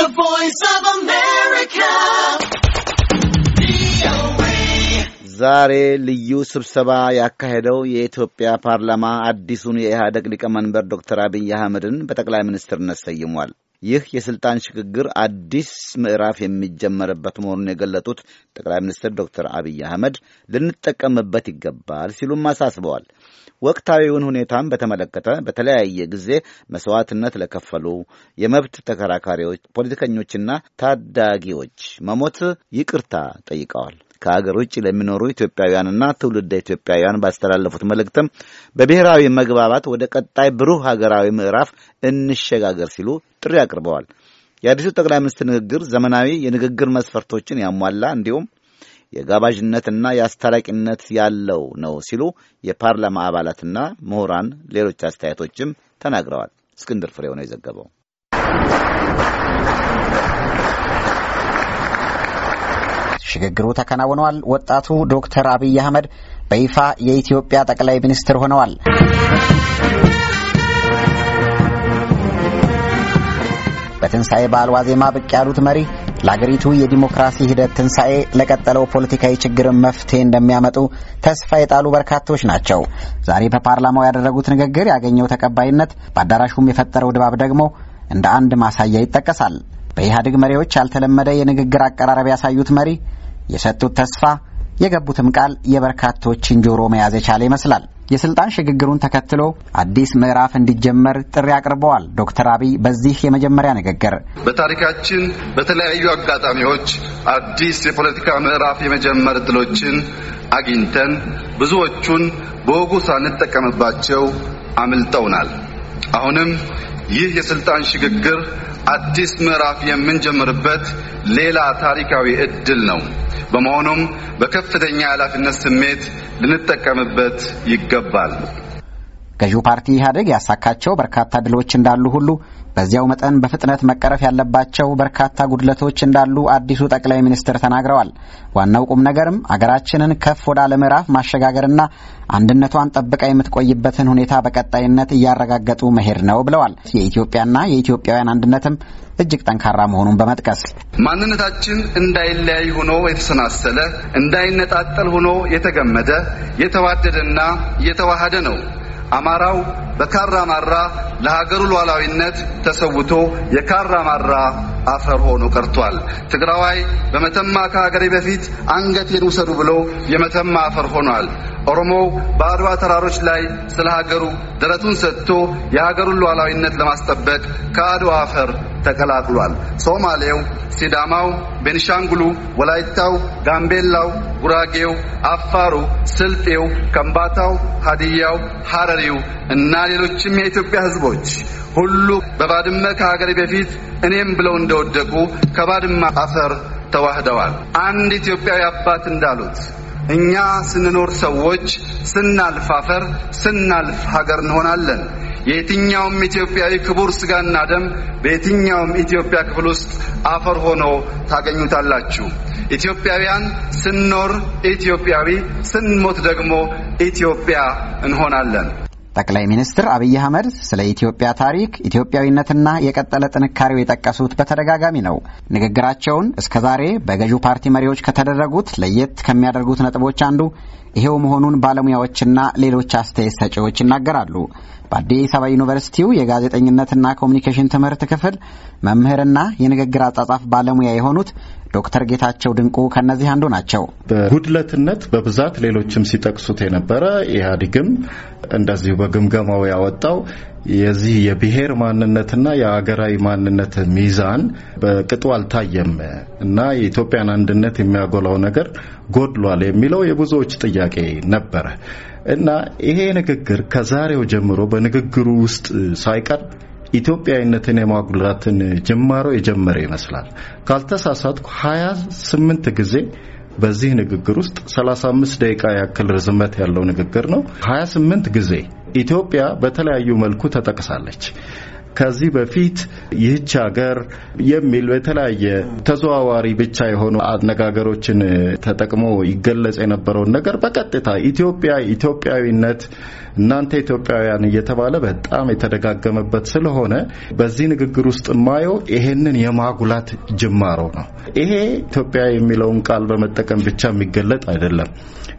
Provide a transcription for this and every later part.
The Voice of America. ዛሬ ልዩ ስብሰባ ያካሄደው የኢትዮጵያ ፓርላማ አዲሱን የኢህአደግ ሊቀመንበር ዶክተር አብይ አህመድን በጠቅላይ ሚኒስትርነት ሰይሟል። ይህ የስልጣን ሽግግር አዲስ ምዕራፍ የሚጀመርበት መሆኑን የገለጡት ጠቅላይ ሚኒስትር ዶክተር አብይ አህመድ ልንጠቀምበት ይገባል ሲሉም አሳስበዋል። ወቅታዊውን ሁኔታም በተመለከተ በተለያየ ጊዜ መስዋዕትነት ለከፈሉ የመብት ተከራካሪዎች፣ ፖለቲከኞችና ታዳጊዎች መሞት ይቅርታ ጠይቀዋል። ከአገር ውጭ ለሚኖሩ ኢትዮጵያውያንና ትውልደ ኢትዮጵያውያን ባስተላለፉት መልእክትም በብሔራዊ መግባባት ወደ ቀጣይ ብሩህ ሀገራዊ ምዕራፍ እንሸጋገር ሲሉ ጥሪ አቅርበዋል። የአዲሱ ጠቅላይ ሚኒስትር ንግግር ዘመናዊ የንግግር መስፈርቶችን ያሟላ እንዲሁም የጋባዥነትና የአስታራቂነት ያለው ነው ሲሉ የፓርላማ አባላትና ምሁራን ሌሎች አስተያየቶችም ተናግረዋል። እስክንድር ፍሬው ነው የዘገበው። ሽግግሩ ተከናውነዋል። ወጣቱ ዶክተር አብይ አህመድ በይፋ የኢትዮጵያ ጠቅላይ ሚኒስትር ሆነዋል። በትንሣኤ በዓል ዋዜማ ብቅ ያሉት መሪ ለአገሪቱ የዲሞክራሲ ሂደት ትንሣኤ ለቀጠለው ፖለቲካዊ ችግርን መፍትሄ እንደሚያመጡ ተስፋ የጣሉ በርካቶች ናቸው። ዛሬ በፓርላማው ያደረጉት ንግግር ያገኘው ተቀባይነት፣ በአዳራሹም የፈጠረው ድባብ ደግሞ እንደ አንድ ማሳያ ይጠቀሳል። በኢህአዴግ መሪዎች ያልተለመደ የንግግር አቀራረብ ያሳዩት መሪ የሰጡት ተስፋ የገቡትም ቃል የበርካቶችን ጆሮ መያዝ የቻለ ይመስላል። የስልጣን ሽግግሩን ተከትሎ አዲስ ምዕራፍ እንዲጀመር ጥሪ አቅርበዋል። ዶክተር አብይ በዚህ የመጀመሪያ ንግግር በታሪካችን በተለያዩ አጋጣሚዎች አዲስ የፖለቲካ ምዕራፍ የመጀመር እድሎችን አግኝተን ብዙዎቹን በወጉ ሳንጠቀምባቸው አምልጠውናል። አሁንም ይህ የስልጣን ሽግግር አዲስ ምዕራፍ የምንጀምርበት ሌላ ታሪካዊ እድል ነው። በመሆኑም በከፍተኛ ኃላፊነት ስሜት ልንጠቀምበት ይገባል። ገዢው ፓርቲ ኢህአዴግ ያሳካቸው በርካታ ድሎች እንዳሉ ሁሉ በዚያው መጠን በፍጥነት መቀረፍ ያለባቸው በርካታ ጉድለቶች እንዳሉ አዲሱ ጠቅላይ ሚኒስትር ተናግረዋል። ዋናው ቁም ነገርም አገራችንን ከፍ ወዳለ ምዕራፍ ማሸጋገርና አንድነቷን ጠብቃ የምትቆይበትን ሁኔታ በቀጣይነት እያረጋገጡ መሄድ ነው ብለዋል። የኢትዮጵያና የኢትዮጵያውያን አንድነትም እጅግ ጠንካራ መሆኑን በመጥቀስ ማንነታችን እንዳይለያይ ሆኖ የተሰናሰለ እንዳይነጣጠል ሆኖ የተገመደ የተዋደደና የተዋሃደ ነው። አማራው በካራ ማራ ለሀገሩ ሉዓላዊነት ተሰውቶ የካራ ማራ አፈር ሆኖ ቀርቷል። ትግራዋይ በመተማ ከሀገሬ በፊት አንገቴን ውሰዱ ብሎ የመተማ አፈር ሆኗል። ኦሮሞው በአድዋ ተራሮች ላይ ስለ ሀገሩ ደረቱን ሰጥቶ የሀገሩን ሉዓላዊነት ለማስጠበቅ ከአድዋ አፈር ተቀላቅሏል። ሶማሌው፣ ሲዳማው፣ ቤንሻንጉሉ፣ ወላይታው፣ ጋምቤላው፣ ጉራጌው፣ አፋሩ፣ ስልጤው፣ ከምባታው፣ ሀዲያው፣ ሀረሪው እና ሌሎችም የኢትዮጵያ ህዝቦች ሁሉ በባድመ ከሀገሬ በፊት እኔም ብለው እንደወደቁ ከባድመ አፈር ተዋህደዋል። አንድ ኢትዮጵያዊ አባት እንዳሉት እኛ ስንኖር ሰዎች፣ ስናልፍ አፈር፣ ስናልፍ ሀገር እንሆናለን። የየትኛውም ኢትዮጵያዊ ክቡር ስጋና ደም በየትኛውም ኢትዮጵያ ክፍል ውስጥ አፈር ሆኖ ታገኙታላችሁ። ኢትዮጵያውያን ስንኖር ኢትዮጵያዊ፣ ስንሞት ደግሞ ኢትዮጵያ እንሆናለን። ጠቅላይ ሚኒስትር አብይ አህመድ ስለ ኢትዮጵያ ታሪክ፣ ኢትዮጵያዊነትና የቀጠለ ጥንካሬው የጠቀሱት በተደጋጋሚ ነው። ንግግራቸውን እስከ ዛሬ በገዢው ፓርቲ መሪዎች ከተደረጉት ለየት ከሚያደርጉት ነጥቦች አንዱ ይሄው መሆኑን ባለሙያዎችና ሌሎች አስተያየት ሰጪዎች ይናገራሉ። በአዲስ አበባ ዩኒቨርሲቲው የጋዜጠኝነትና ኮሚኒኬሽን ትምህርት ክፍል መምህርና የንግግር አጻጻፍ ባለሙያ የሆኑት ዶክተር ጌታቸው ድንቁ ከእነዚህ አንዱ ናቸው። በጉድለትነት በብዛት ሌሎችም ሲጠቅሱት የነበረ ኢህአዴግም እንደዚሁ በግምገማው ያወጣው የዚህ የብሔር ማንነትና የአገራዊ ማንነት ሚዛን በቅጡ አልታየም እና የኢትዮጵያን አንድነት የሚያጎላው ነገር ጎድሏል የሚለው የብዙዎች ጥያቄ ነበረ እና ይሄ ንግግር ከዛሬው ጀምሮ በንግግሩ ውስጥ ሳይቀርብ ኢትዮጵያዊነትን የማጉላትን ጅማሮ የጀመረ ይመስላል። ካልተሳሳትኩ 28 ጊዜ በዚህ ንግግር ውስጥ 35 ደቂቃ ያክል ርዝመት ያለው ንግግር ነው። 28 ጊዜ ኢትዮጵያ በተለያዩ መልኩ ተጠቅሳለች። ከዚህ በፊት ይህች ሀገር የሚል በተለያየ ተዘዋዋሪ ብቻ የሆኑ አነጋገሮችን ተጠቅሞ ይገለጽ የነበረውን ነገር በቀጥታ ኢትዮጵያ፣ ኢትዮጵያዊነት እናንተ ኢትዮጵያውያን እየተባለ በጣም የተደጋገመበት ስለሆነ በዚህ ንግግር ውስጥ የማየው ይሄንን የማጉላት ጅማሮ ነው። ይሄ ኢትዮጵያ የሚለውን ቃል በመጠቀም ብቻ የሚገለጥ አይደለም።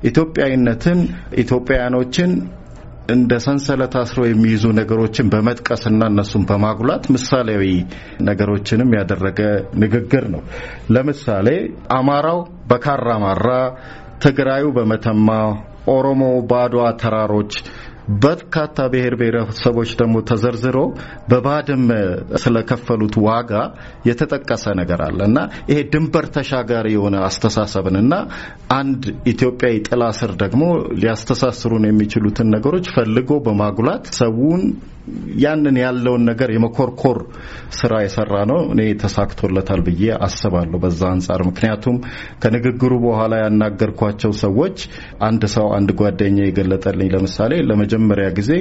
ኢትዮጵያዊነትን ኢትዮጵያውያኖችን እንደ ሰንሰለት አስረው የሚይዙ ነገሮችን በመጥቀስና እነሱን በማጉላት ምሳሌያዊ ነገሮችንም ያደረገ ንግግር ነው። ለምሳሌ አማራው በካራ ማራ፣ ትግራዩ በመተማ ኦሮሞ ባዷ ተራሮች በርካታ ብሔር ብሔረሰቦች ደግሞ ተዘርዝሮ በባድመ ስለከፈሉት ዋጋ የተጠቀሰ ነገር አለ እና ይሄ ድንበር ተሻጋሪ የሆነ አስተሳሰብን እና አንድ ኢትዮጵያዊ ጥላ ስር ደግሞ ሊያስተሳስሩን የሚችሉትን ነገሮች ፈልጎ በማጉላት ሰውን ያንን ያለውን ነገር የመኮርኮር ስራ የሰራ ነው። እኔ ተሳክቶለታል ብዬ አስባለሁ በዛ አንጻር። ምክንያቱም ከንግግሩ በኋላ ያናገርኳቸው ሰዎች አንድ ሰው አንድ ጓደኛ የገለጠልኝ ለምሳሌ ለመጀመሪያ ጊዜ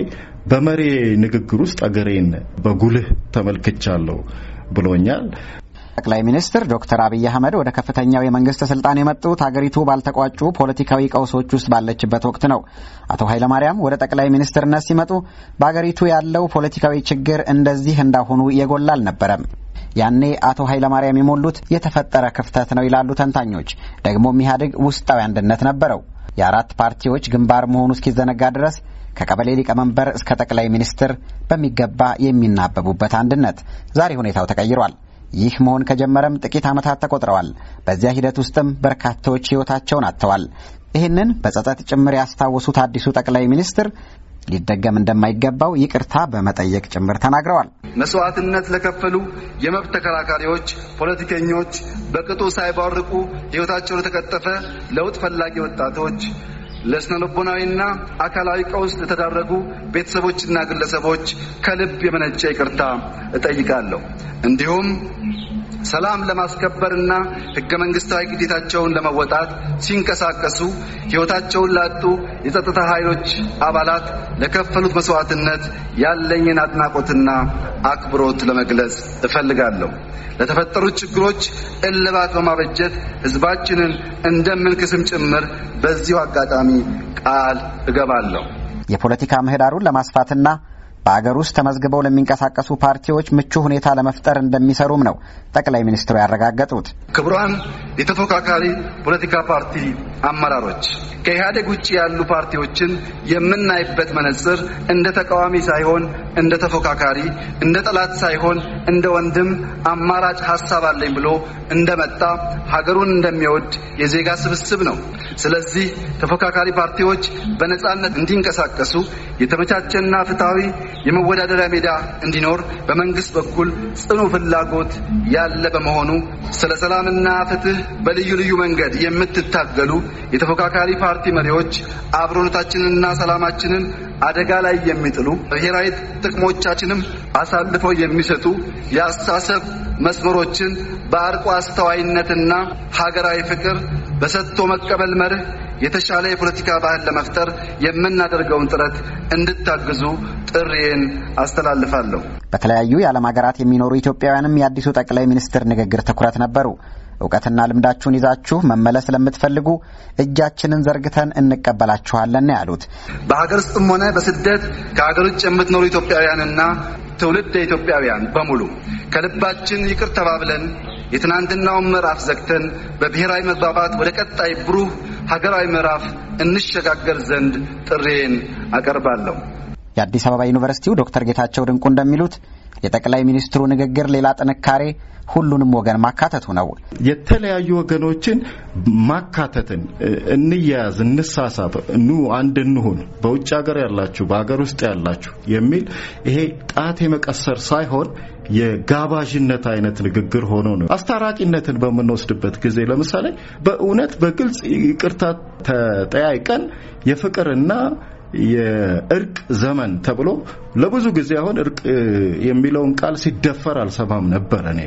በመሬ ንግግር ውስጥ አገሬን በጉልህ ተመልክቻለሁ ብሎኛል። ጠቅላይ ሚኒስትር ዶክተር አብይ አህመድ ወደ ከፍተኛው የመንግስት ስልጣን የመጡት ሀገሪቱ ባልተቋጩ ፖለቲካዊ ቀውሶች ውስጥ ባለችበት ወቅት ነው። አቶ ኃይለማርያም ወደ ጠቅላይ ሚኒስትርነት ሲመጡ በሀገሪቱ ያለው ፖለቲካዊ ችግር እንደዚህ እንዳሁኑ የጎላ አልነበረም። ያኔ አቶ ኃይለማርያም የሞሉት የተፈጠረ ክፍተት ነው ይላሉ ተንታኞች። ደግሞም ኢህአዴግ ውስጣዊ አንድነት ነበረው። የአራት ፓርቲዎች ግንባር መሆኑ እስኪዘነጋ ድረስ ከቀበሌ ሊቀመንበር እስከ ጠቅላይ ሚኒስትር በሚገባ የሚናበቡበት አንድነት። ዛሬ ሁኔታው ተቀይሯል። ይህ መሆን ከጀመረም ጥቂት ዓመታት ተቆጥረዋል። በዚያ ሂደት ውስጥም በርካታዎች ሕይወታቸውን አጥተዋል። ይህንን በጸጸት ጭምር ያስታወሱት አዲሱ ጠቅላይ ሚኒስትር ሊደገም እንደማይገባው ይቅርታ በመጠየቅ ጭምር ተናግረዋል። መስዋዕትነት ለከፈሉ የመብት ተከራካሪዎች፣ ፖለቲከኞች፣ በቅጡ ሳይባርቁ ሕይወታቸው ለተቀጠፈ ለውጥ ፈላጊ ወጣቶች ለስነልቦናዊና አካላዊ ቀውስ ለተዳረጉ ቤተሰቦችና ግለሰቦች ከልብ የመነጨ ይቅርታ እጠይቃለሁ። እንዲሁም ሰላም ለማስከበርና ህገ መንግስታዊ ግዴታቸውን ለመወጣት ሲንቀሳቀሱ ህይወታቸውን ላጡ የጸጥታ ኃይሎች አባላት ለከፈሉት መስዋዕትነት ያለኝን አድናቆትና አክብሮት ለመግለጽ እፈልጋለሁ። ለተፈጠሩት ችግሮች እልባት በማበጀት ህዝባችንን እንደምንክስም ጭምር በዚሁ አጋጣሚ ቃል እገባለሁ። የፖለቲካ ምህዳሩን ለማስፋትና በአገር ውስጥ ተመዝግበው ለሚንቀሳቀሱ ፓርቲዎች ምቹ ሁኔታ ለመፍጠር እንደሚሰሩም ነው ጠቅላይ ሚኒስትሩ ያረጋገጡት። ክቡራን የተፎካካሪ ፖለቲካ ፓርቲ አመራሮች ከኢህአዴግ ውጭ ያሉ ፓርቲዎችን የምናይበት መነጽር እንደ ተቃዋሚ ሳይሆን እንደ ተፎካካሪ፣ እንደ ጠላት ሳይሆን እንደ ወንድም አማራጭ ሀሳብ አለኝ ብሎ እንደመጣ ሀገሩን እንደሚወድ የዜጋ ስብስብ ነው። ስለዚህ ተፎካካሪ ፓርቲዎች በነጻነት እንዲንቀሳቀሱ የተመቻቸና ፍትሐዊ የመወዳደሪያ ሜዳ እንዲኖር በመንግስት በኩል ጽኑ ፍላጎት ያለ በመሆኑ ስለ ሰላምና ፍትህ በልዩ ልዩ መንገድ የምትታገሉ የተፎካካሪ ፓርቲ መሪዎች አብሮነታችንንና ሰላማችንን አደጋ ላይ የሚጥሉ ብሔራዊ ጥቅሞቻችንም አሳልፈው የሚሰጡ የአስተሳሰብ መስመሮችን በአርቆ አስተዋይነትና ሀገራዊ ፍቅር በሰጥቶ መቀበል መርህ የተሻለ የፖለቲካ ባህል ለመፍጠር የምናደርገውን ጥረት እንድታግዙ ጥሪዬን አስተላልፋለሁ። በተለያዩ የዓለም ሀገራት የሚኖሩ ኢትዮጵያውያንም የአዲሱ ጠቅላይ ሚኒስትር ንግግር ትኩረት ነበሩ። እውቀትና ልምዳችሁን ይዛችሁ መመለስ ለምትፈልጉ እጃችንን ዘርግተን እንቀበላችኋለን ያሉት። በሀገር ውስጥም ሆነ በስደት ከሀገር ውጭ የምትኖሩ ኢትዮጵያውያንና ትውልድ ኢትዮጵያውያን በሙሉ ከልባችን ይቅር ተባብለን የትናንትናውን ምዕራፍ ዘግተን በብሔራዊ መግባባት ወደ ቀጣይ ብሩህ ሀገራዊ ምዕራፍ እንሸጋገር ዘንድ ጥሬን አቀርባለሁ። የአዲስ አበባ ዩኒቨርሲቲው ዶክተር ጌታቸው ድንቁ እንደሚሉት የጠቅላይ ሚኒስትሩ ንግግር ሌላ ጥንካሬ ሁሉንም ወገን ማካተቱ ነው። የተለያዩ ወገኖችን ማካተትን እንያያዝ፣ እንሳሳብ፣ ኑ አንድ እንሁን፣ በውጭ ሀገር ያላችሁ፣ በሀገር ውስጥ ያላችሁ የሚል ይሄ ጣት የመቀሰር ሳይሆን የጋባዥነት አይነት ንግግር ሆኖ ነው። አስታራቂነትን በምንወስድበት ጊዜ ለምሳሌ በእውነት በግልጽ ይቅርታ ተጠያይቀን የፍቅርና የእርቅ ዘመን ተብሎ ለብዙ ጊዜ አሁን እርቅ የሚለውን ቃል ሲደፈር አልሰማም ነበር። እኔ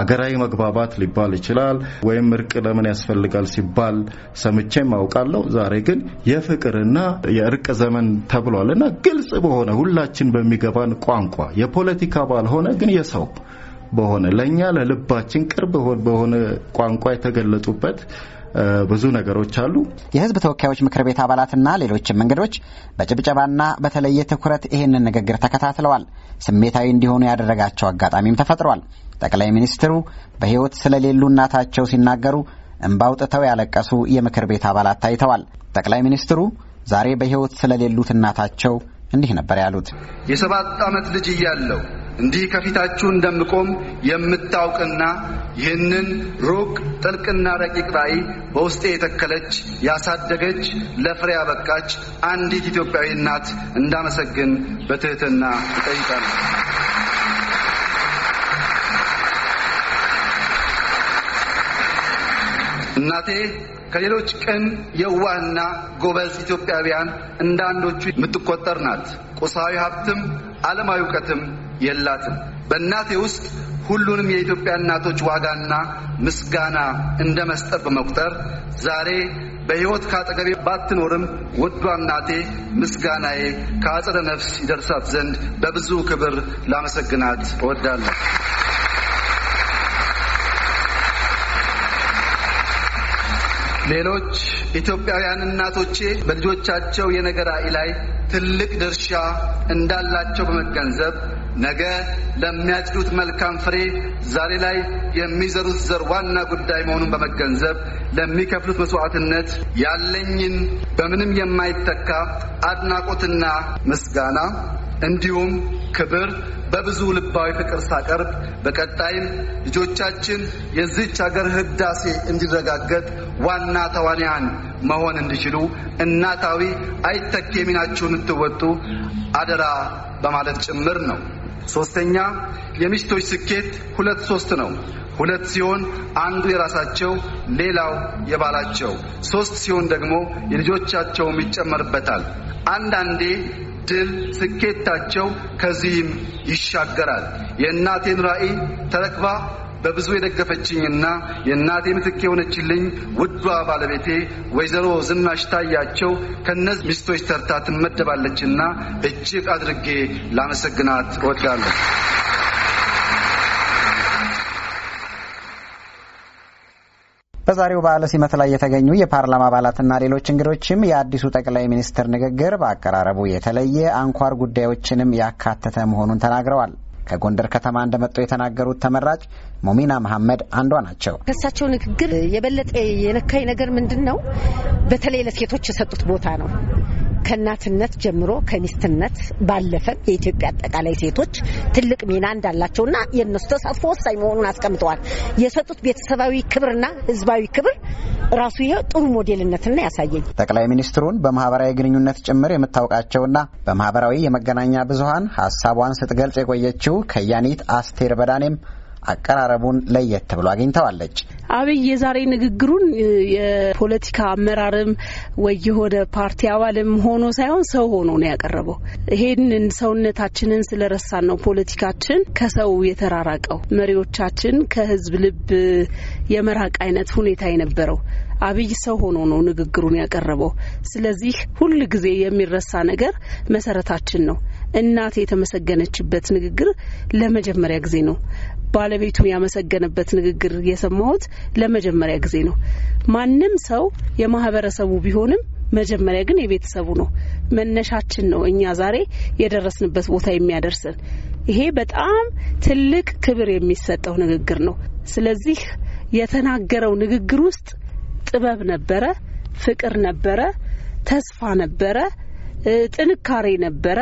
አገራዊ መግባባት ሊባል ይችላል ወይም እርቅ ለምን ያስፈልጋል ሲባል ሰምቼም አውቃለሁ። ዛሬ ግን የፍቅርና የእርቅ ዘመን ተብሏል እና ግልጽ በሆነ ሁላችን በሚገባን ቋንቋ የፖለቲካ ባልሆነ ግን የሰው በሆነ ለእኛ ለልባችን ቅርብ በሆነ ቋንቋ የተገለጡበት ብዙ ነገሮች አሉ። የህዝብ ተወካዮች ምክር ቤት አባላትና ሌሎችም እንግዶች በጭብጨባና በተለየ ትኩረት ይህንን ንግግር ተከታትለዋል። ስሜታዊ እንዲሆኑ ያደረጋቸው አጋጣሚም ተፈጥሯል። ጠቅላይ ሚኒስትሩ በህይወት ስለሌሉ እናታቸው ሲናገሩ እንባውጥተው ያለቀሱ የምክር ቤት አባላት ታይተዋል። ጠቅላይ ሚኒስትሩ ዛሬ በህይወት ስለሌሉት እናታቸው እንዲህ ነበር ያሉት። የሰባት ዓመት ልጅ እያለው እንዲህ ከፊታችሁ እንደምቆም የምታውቅና ይህንን ሩቅ ጥልቅና ረቂቅ ራዕይ በውስጤ የተከለች ያሳደገች ለፍሬ ያበቃች አንዲት ኢትዮጵያዊ እናት እንዳመሰግን በትህትና ይጠይቃል። እናቴ ከሌሎች ቅን የዋህና ጎበዝ ኢትዮጵያውያን እንደ አንዶቹ የምትቆጠር ናት። ቁሳዊ ሀብትም ዓለማዊ እውቀትም የላትም። በእናቴ ውስጥ ሁሉንም የኢትዮጵያ እናቶች ዋጋና ምስጋና እንደ መስጠት በመቁጠር ዛሬ በሕይወት ከአጠገቤ ባትኖርም ውዷ እናቴ ምስጋናዬ ከአጽደ ነፍስ ይደርሳት ዘንድ በብዙ ክብር ላመሰግናት እወዳለሁ። ሌሎች ኢትዮጵያውያን እናቶቼ በልጆቻቸው የነገ ራዕይ ላይ ትልቅ ድርሻ እንዳላቸው በመገንዘብ ነገ ለሚያጭዱት መልካም ፍሬ ዛሬ ላይ የሚዘሩት ዘር ዋና ጉዳይ መሆኑን በመገንዘብ ለሚከፍሉት መስዋዕትነት ያለኝን በምንም የማይተካ አድናቆትና ምስጋና እንዲሁም ክብር በብዙ ልባዊ ፍቅር ሳቀርብ በቀጣይም ልጆቻችን የዚች ሀገር ህዳሴ እንዲረጋገጥ ዋና ተዋንያን መሆን እንዲችሉ እናታዊ አይተኬ ሚናችሁን እንድትወጡ አደራ በማለት ጭምር ነው። ሶስተኛ የሚስቶች ስኬት ሁለት ሶስት ነው። ሁለት ሲሆን አንዱ የራሳቸው ሌላው የባላቸው፣ ሶስት ሲሆን ደግሞ የልጆቻቸውም ይጨመርበታል። አንዳንዴ ድል ስኬታቸው ከዚህም ይሻገራል። የእናቴን ራዕይ ተረክባ በብዙ የደገፈችኝና የእናቴ ምትክ የሆነችልኝ ውዷ ባለቤቴ ወይዘሮ ዝናሽ ታያቸው ከነዚህ ሚስቶች ተርታ ትመደባለችና እጅግ አድርጌ ላመሰግናት እወዳለሁ። በዛሬው በዓለ ሲመት ላይ የተገኙ የፓርላማ አባላትና ሌሎች እንግዶችም የአዲሱ ጠቅላይ ሚኒስትር ንግግር በአቀራረቡ የተለየ አንኳር ጉዳዮችንም ያካተተ መሆኑን ተናግረዋል። ከጎንደር ከተማ እንደመጡ የተናገሩት ተመራጭ ሞሚና መሐመድ አንዷ ናቸው። ከእሳቸው ንግግር የበለጠ የነካኝ ነገር ምንድን ነው? በተለይ ለሴቶች የሰጡት ቦታ ነው። ከእናትነት ጀምሮ ከሚስትነት ባለፈ የኢትዮጵያ አጠቃላይ ሴቶች ትልቅ ሚና እንዳላቸውና የእነሱ ተሳትፎ ወሳኝ መሆኑን አስቀምጠዋል። የሰጡት ቤተሰባዊ ክብርና ህዝባዊ ክብር ራሱ ይሄ ጥሩ ሞዴልነትና ያሳየኝ። ጠቅላይ ሚኒስትሩን በማህበራዊ ግንኙነት ጭምር የምታውቃቸውና በማህበራዊ የመገናኛ ብዙሀን ሀሳቧን ስትገልጽ የቆየችው ከያኒት አስቴር በዳኔም አቀራረቡን ለየት ብሎ አግኝተዋለች። አብይ የዛሬ ንግግሩን የፖለቲካ አመራርም ወይ የሆነ ፓርቲ አባልም ሆኖ ሳይሆን ሰው ሆኖ ነው ያቀረበው። ይሄንን ሰውነታችንን ስለረሳን ነው ፖለቲካችን ከሰው የተራራቀው፣ መሪዎቻችን ከህዝብ ልብ የመራቅ አይነት ሁኔታ የነበረው አብይ ሰው ሆኖ ነው ንግግሩን ያቀረበው። ስለዚህ ሁል ጊዜ የሚረሳ ነገር መሰረታችን ነው። እናቴ የተመሰገነችበት ንግግር ለመጀመሪያ ጊዜ ነው። ባለቤቱ ያመሰገነበት ንግግር የሰማሁት ለመጀመሪያ ጊዜ ነው። ማንም ሰው የማህበረሰቡ ቢሆንም መጀመሪያ ግን የቤተሰቡ ነው። መነሻችን ነው እኛ ዛሬ የደረስንበት ቦታ የሚያደርስን። ይሄ በጣም ትልቅ ክብር የሚሰጠው ንግግር ነው። ስለዚህ የተናገረው ንግግር ውስጥ ጥበብ ነበረ፣ ፍቅር ነበረ፣ ተስፋ ነበረ፣ ጥንካሬ ነበረ።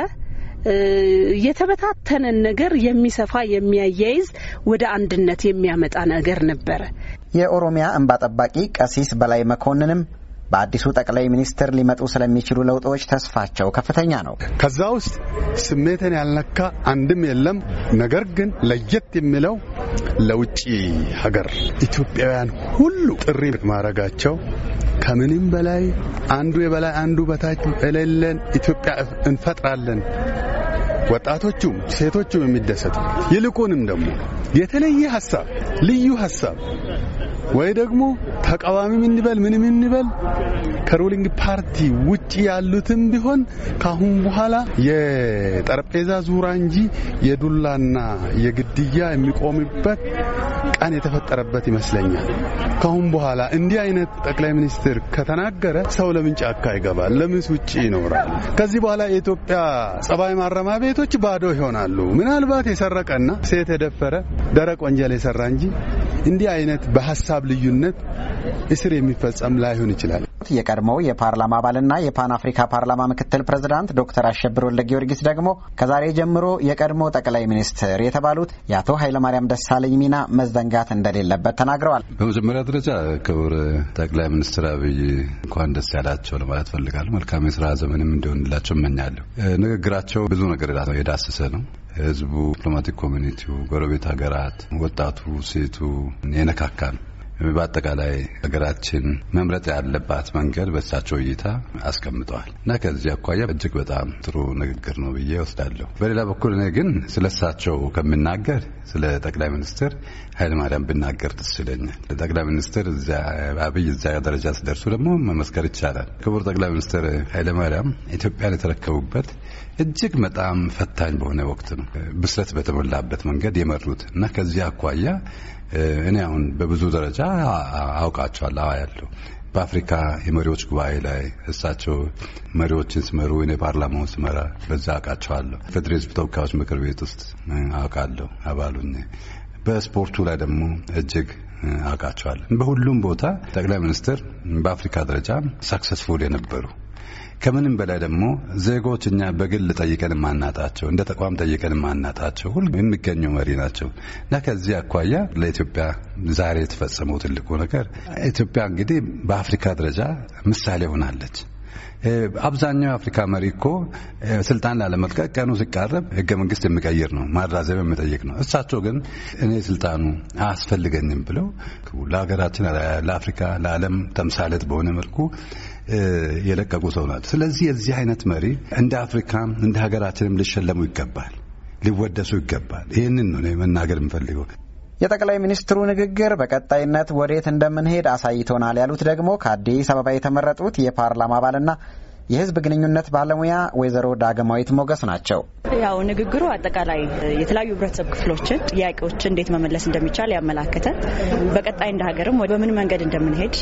የተበታተነን ነገር የሚሰፋ የሚያያይዝ ወደ አንድነት የሚያመጣ ነገር ነበረ። የኦሮሚያ እንባ ጠባቂ ቀሲስ በላይ መኮንንም በአዲሱ ጠቅላይ ሚኒስትር ሊመጡ ስለሚችሉ ለውጦች ተስፋቸው ከፍተኛ ነው። ከዛ ውስጥ ስሜትን ያልነካ አንድም የለም። ነገር ግን ለየት የሚለው ለውጭ ሀገር ኢትዮጵያውያን ሁሉ ጥሪ ማድረጋቸው ከምንም በላይ አንዱ የበላይ አንዱ በታች የሌለን ኢትዮጵያ እንፈጥራለን ወጣቶቹም ሴቶቹም የሚደሰቱ ይልቁንም ደግሞ የተለየ ሀሳብ ልዩ ሀሳብ ወይ ደግሞ ተቃዋሚም እንበል ምንም እንበል ከሩሊንግ ፓርቲ ውጪ ያሉትም ቢሆን ካሁን በኋላ የጠረጴዛ ዙራ እንጂ የዱላና የግድያ የሚቆምበት ቀን የተፈጠረበት ይመስለኛል። ካሁን በኋላ እንዲህ አይነት ጠቅላይ ሚኒስትር ከተናገረ ሰው ለምን ጫካ ይገባል? ለምንስ ውጭ ይኖራል? ከዚህ በኋላ የኢትዮጵያ ጸባይ ማረሚያ ቤቶች ባዶ ይሆናሉ። ምናልባት የሰረቀና ሴት የደፈረ ደረቅ ወንጀል የሰራ እንጂ እንዲህ አይነት በሀሳብ ልዩነት እስር የሚፈጸም ላይሆን ይችላል። የቀድሞው የፓርላማ አባልና የፓን አፍሪካ ፓርላማ ምክትል ፕሬዝዳንት ዶክተር አሸብር ወልደ ጊዮርጊስ ደግሞ ከዛሬ ጀምሮ የቀድሞ ጠቅላይ ሚኒስትር የተባሉት የአቶ ኃይለማርያም ደሳለኝ ሚና መዘንጋት እንደሌለበት ተናግረዋል። በመጀመሪያ ደረጃ ክቡር ጠቅላይ ሚኒስትር አብይ እንኳን ደስ ያላቸው ለማለት ፈልጋለሁ። መልካም የስራ ዘመንም እንዲሆንላቸው እመኛለሁ። ንግግራቸው ብዙ ነገር የዳሰሰ ነው። ህዝቡ፣ ዲፕሎማቲክ ኮሚኒቲው፣ ጎረቤት ሀገራት፣ ወጣቱ፣ ሴቱ የነካካ ነው። በአጠቃላይ ሀገራችን መምረጥ ያለባት መንገድ በሳቸው እይታ አስቀምጠዋል እና ከዚህ አኳያ እጅግ በጣም ጥሩ ንግግር ነው ብዬ ወስዳለሁ። በሌላ በኩል እኔ ግን ስለ እሳቸው ከምናገር ስለ ጠቅላይ ሚኒስትር ኃይለማርያም ብናገር ደስ ይለኛል። ጠቅላይ ሚኒስትር አብይ እዚያ ደረጃ ሲደርሱ ደግሞ መመስከር ይቻላል። ክቡር ጠቅላይ ሚኒስትር ኃይለማርያም ኢትዮጵያን የተረከቡበት እጅግ በጣም ፈታኝ በሆነ ወቅት ነው ብስለት በተሞላበት መንገድ የመሩት እና ከዚህ አኳያ እኔ አሁን በብዙ ደረጃ አውቃቸዋል ያለሁ በአፍሪካ የመሪዎች ጉባኤ ላይ እሳቸው መሪዎችን ስመሩ ወይ ፓርላማውን ስመራ በዛ አውቃቸዋለሁ። ህዝብ ተወካዮች ምክር ቤት ውስጥ አውቃለሁ አባሉኝ። በስፖርቱ ላይ ደግሞ እጅግ አውቃቸዋለሁ። በሁሉም ቦታ ጠቅላይ ሚኒስትር በአፍሪካ ደረጃ ሳክሰስፉል የነበሩ ከምንም በላይ ደግሞ ዜጎች እኛ በግል ጠይቀን ማናጣቸው፣ እንደ ተቋም ጠይቀን ማናጣቸው ሁሉ የሚገኙ መሪ ናቸው እና ከዚህ አኳያ ለኢትዮጵያ ዛሬ የተፈጸመው ትልቁ ነገር ኢትዮጵያ እንግዲህ በአፍሪካ ደረጃ ምሳሌ ሆናለች። አብዛኛው የአፍሪካ መሪ እኮ ስልጣን ላለመልቀቅ ቀኑ ሲቃረብ ህገ መንግስት የሚቀይር ነው፣ ማራዘም የሚጠይቅ ነው። እሳቸው ግን እኔ ስልጣኑ አያስፈልገኝም ብለው ለሀገራችን፣ ለአፍሪካ፣ ለዓለም ተምሳሌት በሆነ መልኩ የለቀቁ ሰው ናቸው። ስለዚህ የዚህ አይነት መሪ እንደ አፍሪካም እንደ ሀገራችንም ሊሸለሙ ይገባል፣ ሊወደሱ ይገባል። ይህንን ነው መናገር የምፈልገው። የጠቅላይ ሚኒስትሩ ንግግር በቀጣይነት ወዴት እንደምንሄድ አሳይቶናል ያሉት ደግሞ ከአዲስ አበባ የተመረጡት የፓርላማ አባልና የህዝብ ግንኙነት ባለሙያ ወይዘሮ ዳግማዊት ሞገስ ናቸው። ያው ንግግሩ አጠቃላይ የተለያዩ ህብረተሰብ ክፍሎችን ጥያቄዎችን እንዴት መመለስ እንደሚቻል ያመላከተ፣ በቀጣይ እንደ ሀገርም በምን መንገድ እንደምንሄድ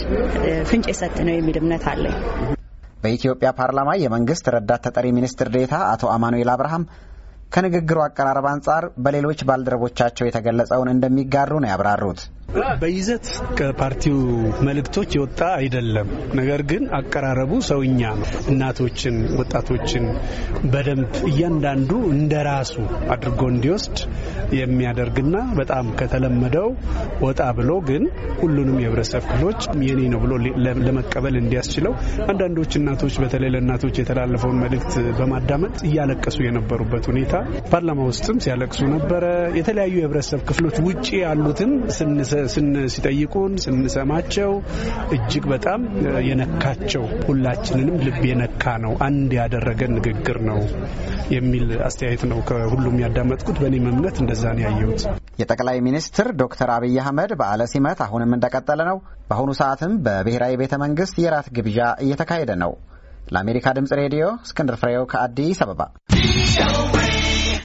ፍንጭ የሰጥ ነው የሚል እምነት አለኝ። በኢትዮጵያ ፓርላማ የመንግስት ረዳት ተጠሪ ሚኒስትር ዴታ አቶ አማኑኤል አብርሃም ከንግግሩ አቀራረብ አንጻር በሌሎች ባልደረቦቻቸው የተገለጸውን እንደሚጋሩ ነው ያብራሩት። በይዘት ከፓርቲው መልእክቶች የወጣ አይደለም። ነገር ግን አቀራረቡ ሰውኛ ነው። እናቶችን፣ ወጣቶችን በደንብ እያንዳንዱ እንደ ራሱ አድርጎ እንዲወስድ የሚያደርግና በጣም ከተለመደው ወጣ ብሎ ግን ሁሉንም የህብረተሰብ ክፍሎች የኔ ነው ብሎ ለመቀበል እንዲያስችለው አንዳንዶች እናቶች በተለይ ለእናቶች የተላለፈውን መልእክት በማዳመጥ እያለቀሱ የነበሩበት ሁኔታ ፓርላማ ውስጥም ሲያለቅሱ ነበረ። የተለያዩ የህብረተሰብ ክፍሎች ውጭ ያሉትን ስንስ ሲጠይቁን ስንሰማቸው እጅግ በጣም የነካቸው ሁላችንንም ልብ የነካ ነው፣ አንድ ያደረገ ንግግር ነው የሚል አስተያየት ነው ከሁሉም ያዳመጥኩት። በእኔም እምነት እንደዛ ነው ያየሁት። የጠቅላይ ሚኒስትር ዶክተር አብይ አህመድ በዓለ ሲመት አሁንም እንደቀጠለ ነው። በአሁኑ ሰዓትም በብሔራዊ ቤተ መንግስት የራት ግብዣ እየተካሄደ ነው። ለአሜሪካ ድምፅ ሬዲዮ እስክንድር ፍሬው ከአዲስ አበባ